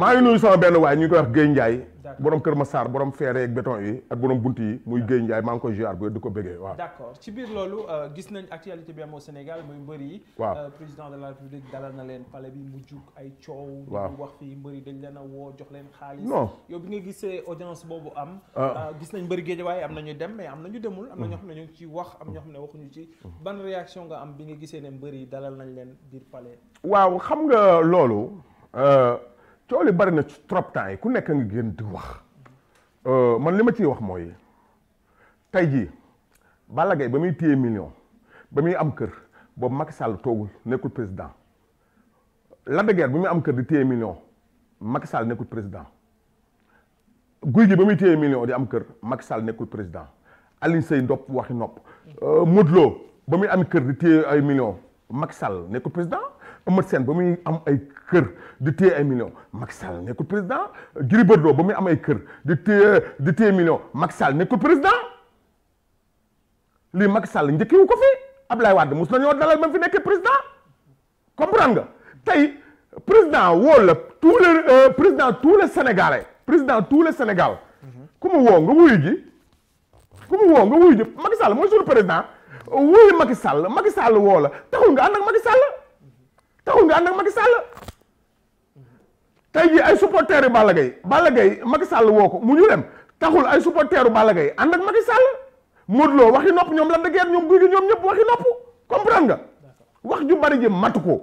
maa ngi nuyu sama benn waay ñu ngi koy wax Guèye Ndiaye borom Kër Massar borom feere ak béton yi ak borom bunt yi muy Guèye Ndiaye maa ngi koy ziar bu di ko bëggee waaw d'accord ci biir loolu euh, gis nañ actualité bi am au Sénégal muy mbër yi waaw euh, président de la République dalal na leen pale bi mu jug ay coow waaw wax fii mbër yi dañ leen a woo jox leen xaalis non yow bi nga gisee audience boobu am ah. euh, gis nañ mbëri géej waaye am na ñu dem mais am nañu demul am na ñoo mm. xam ne ñu ngi ci wax am ñoo xam ne waxuñu ci mm. ban réaction nga am bi nga gisee ne mbër yi dalal nañ leen biir palais waaw xam nga loolu coow li bari na trop temps yi ku nekk ngi gën di wax euh, man li ma ciy wax mooy tey jii Balla Gaye ba muy téye million ba muy am kër ba Macky Sall toogul nekkul président Lac de Guiers ba muy am kër di téye million Macky Sall nekkul président Gouye Gui ba muy téye million di am kër Macky Sall nekkul président Alioune Seye ndopp waxi nopp euh, Modou ba muy am kër di téye ay million Macky Sall nekkul président Amath Sène ba muy am ay kër di téye ay millions Macky Sall nekkul président Gris Bordeaux ba muy am ay kër di téye di téye millions Macky Sall nekkul président lii Macky Sall njëkkiwu ko fi Ablaye Wade na nañoo dalal ba mu fi nekkee président comprendre nga tey président woo la tous les euh, président tous les sénégalais président tous les sénégal ku mu woo nga wuyu ji ku woo nga wuyu ji Macky Sall mooy suñu président wuyu Macky Sall woo la taxul nga ànd ak taxul nga ànd ak Macky Sall tey jii ay supporteru Balla Gaye Balla Gaye Macky woo ko mu ñu lem taxul ay supporteru Balla Gaye ànd ak Macky Sall Modou Lo waxi nopp ñoom la dëgër ñoom guy gi ñoom ñëpp waxi nopp comprendre nga wax ju bari ji matu ko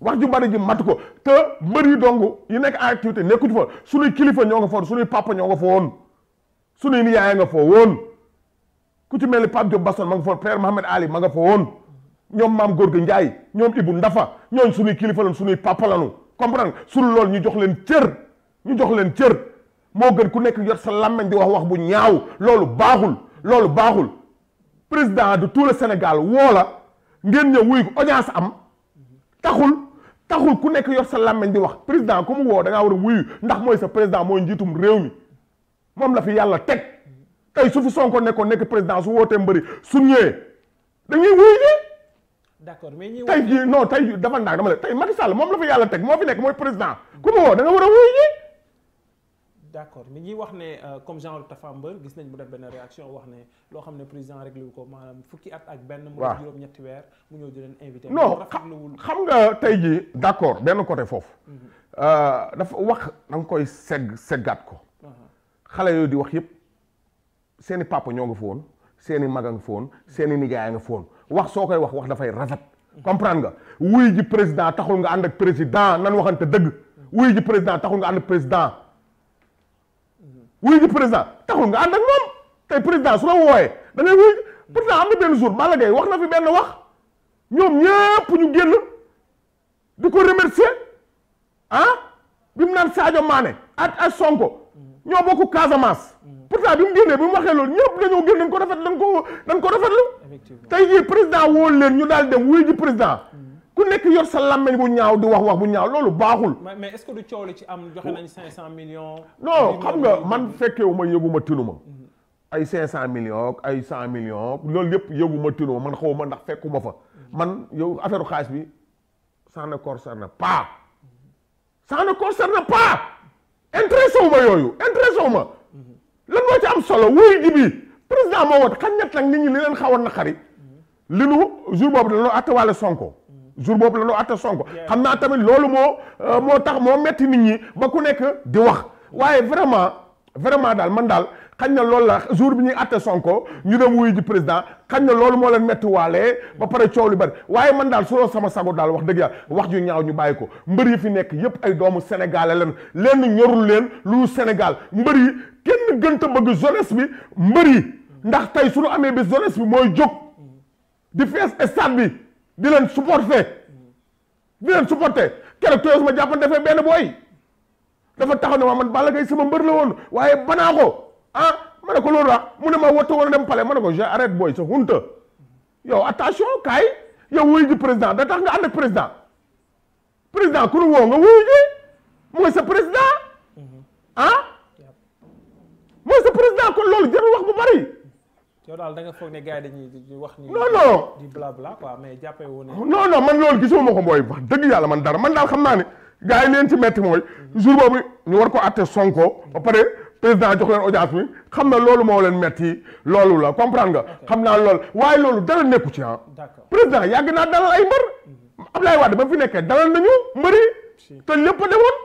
wax ju bari ji matu ko te mbër yi dong yi nekk en activité nekkutu fa suñuy kilifa ñoo nga foon suñuy papa ñoo nga foo woon suñuy niyaay nga foo woon ku ci mel ni Pape Diop Basson ma nga foon père Mohamed Ali woon ñoom maam góor gi Njaay ñoom bu Ndafa ñooñ suñuy kilifa lañ suñuy papa lañu comprendre sul lool ñu jox leen cër ñu jox leen cër moo gën ku nekk yor sa làmmeñ di wax wax bu ñaaw loolu baaxul loolu baaxul président de tout le Sénégal woo la ngeen ñëw wuyu ko audience am taxul taxul ku nekk yor sa làmmeñ di wax président ku mu woo da ngaa war a wuyu mooy sa président mooy njiitum réew mi moom la fi yàlla teg tey su fi Sonko nekkoon nekk président su wootee mbëri su ñëwee dañuy wuyu ji d'accord mais ñi tey jii non tey jii dafa naag dama la tey Macky Sall moom la fa yàlla teg moo fi nekk mooy président ku ma a wuyu ji. d'accord mi ngi wax ne euh, comme genre Tafa Mbeur gis nañ mu wax ne loo xam ne président réglé wu ko maanaam fukki at ak benn. waaw mu juróom ñetti weer leen invité. non xam nga tey jii d'accord benn côté foofu. Mhm. Euh, dafa wax da nga koy segg seggaat ko. xale yooyu di wax yëpp seeni papa ñoo nga fa woon seeni mag a nga seeni nijaay a nga fa wax soo koy wax wax dafay rafet comprendre nga wuy ji président taxul nga ànd ak président nan waxante dëgg wuy ji président taxul nga ànd ak président wuy ji président taxul nga ànd ak président su la wooyee da ngay wuy am na benn jour Balla Gaye wax na fi benn wax ñoom ñëpp ñu génn di ko remercier ah bi mu naan Sadio Mané ak ak Sonko ñoo bokk Casamance président bi mu génnee bi mu waxee loolu ñëpp dañoo gën dañ ko rafet dañ ko dañ ko rafetlu tey jii président woo leen ñu daal dem wuy ji président hmm. ku nekk yor sa làmmeñ bu ñaaw di wax wax bu ñaaw loolu baaxul. mais est-ce que du coow li ci am joxe nañ 500 millions. non xam nga man fekkewu ma yëguma tinuma hmm. ay 500 millions ak ay 100 millions loolu yëpp yëguma tinuma man xaw ma ndax fekkuma fa. Hmm. man yow affaire xaalis bi ça ne concerne pas. ça ne concerne pas. intéressé wu ma yooyu intéressé wu ma. lan moo ci am solo wuy ji bi président moo woote xam ñett nag nit ñi li leen xawoon na xarit li nu jour boobu dañoo àtte wàlle Sonko jour boobu dañoo àtte Sonko xam naa tamit loolu moo moo tax moo metti nit ñi ba ku nekk di wax waaye vraiment vraiment daal man daal xañ na loolu la jour bi ñuy atte Sonko ñu dem wuyu ji président xañ na loolu moo leen méttiwaalee ba pare coow li bari waaye man daal solo sama sago daal wax dëgg yàlla wax ju ñaaw ñu bàyyi ko mbër yi fi nekk yépp ay doomu sénégalais leen leen ñorul leen lu Sénégal mbër yi kenn gënta bëgg jeunesse bi mbër yi ndax tey suñu amee bi jeunesse bi mooy jóg di fees stade bi di leen supporter di leen supporter keroog toyos ma jàppan dafee benn booy dafa taxaw ne ma man Balla Gaye sama mbër la woon waaye banaa ko ah ma ne ko loolu la mu ne ma wattu woon dem palais ma ne ko je arrête booy sa hunta yow attention kaay yow wuyu ji président da tax nga ànd ak président président ku nu woo nga wuyu ji mooy sa président mm-hmm. a ah? mooy sa président kon loolu jarul wax bu bari yow daal da nga foog ne gars yi wax ni non non di blabla quoi mais jàppee woon non non man loolu gisuma ma ko mbooy wax dëgg yàlla man dara man daal xam naa ne gars yi leen ci metti mooy mm-hmm. jour boobu ñu war ko atte Sonko ba pare président jox leen audience bi xam na loolu moo leen metti loolu la comprendre nga. xam naa lool waaye loolu dara nekku ci ah. président yàgg naa dalal ay mbër. Mhm. Abdoulaye Wade ba fi nekkee dalal nañu mbëri. te lépp a demoon.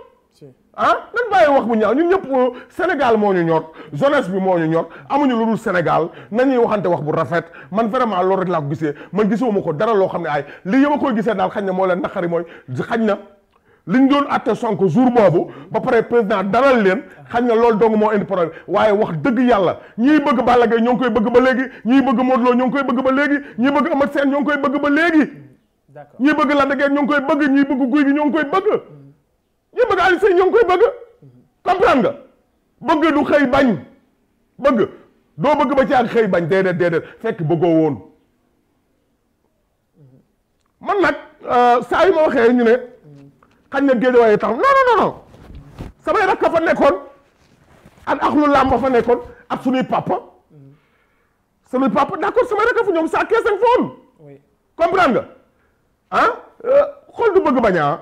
ah nan bàyyi wax bu ñaaw ñu ñëpp euh, Sénégal moo ñu ñor jeunesse bi moo ñu ñor amuñu lu dul Sénégal nañuy waxante wax bu rafet man vraiment loolu rek laa ko gisee man gisuma ko dara loo xam ne ay li yëpp koy gisee daal xañ na moo leen naqari mooy xañ na. li ñu doon àtte Sonko jour boobu ba pare président dalal leen xañ na loolu dong moo indi problème waaye wax dëgg yàlla ñii bëgg Balla Gaye ñoo koy bëgg ba léegi ñiy bëgg Modou Lo ñoo ngi koy bëgg ba léegi ñiy bëgg Eumeu Sène ñoo koy bëgg ba léegi ñiy bëgg Lac de Guiers ñoo ngi koy bëgg ñiy bëgg Gouye Gui ñoo ngi koy bëgg ñiy bëgg Aliou Seye ñoo koy bëgg comprendre nga bëgg du xëy bañ bëgg doo bëgg ba ci ak xëy bañ déedéet déedéet fekk bëggoo woon mhm. man nag euh, saa yu ma waxee ñu ne xañ na géejawaay tax non non non samay nekkoon ak ak lu làmb fa nekkoon ak suñuy papa suñuy papa d'accord samay rakk ñoom saa kees ak foon comprendre nga ah, euh, xool du bëgg bañaa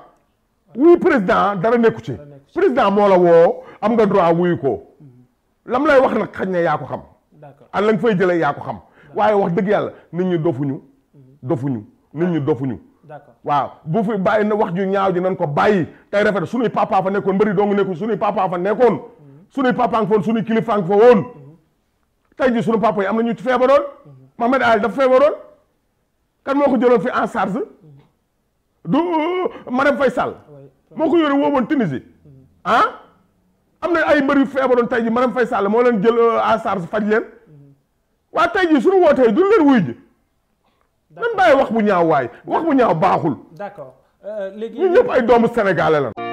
wuy président dara nekku ci président moo la woo am nga droit wuyu ko lam lay wax nag xañ na yaa ko xam ak la nga fay jëlee yaa ko xam waaye wax dëgg yàlla nit ñi dofuñu mhm. dofuñu nit ñi dofuñu d'accord waaw bu fi bàyyi na wax ju ñaaw ji nañ ko bàyyi tay rafet suñuy papa fa nekkoon mbëri dong nekkoon suñuy papa fa nekkoon mhm. suñuy papa nga fa woon suñuy kilifa nga fa woon mhm. tey jii sunu papa yi am na ñu ci feebaroon mhm. Mohamed Ali dafa feebaroon kan moo ko jëloon fi en charge du Marème moo ko yore woowoon Tunisie ah am na ay mbër yu feebaroon tey jii Marème Faye Sall moo leen jël euh, en charge faj leen waa tey jii suñu wootee duñ leen wuy ji nan bàyyi wax bu ñaaw waay wax bu ñaaw baaxul. d'accord euh, léegi ñun ñëpp ay doomu sénégalais la.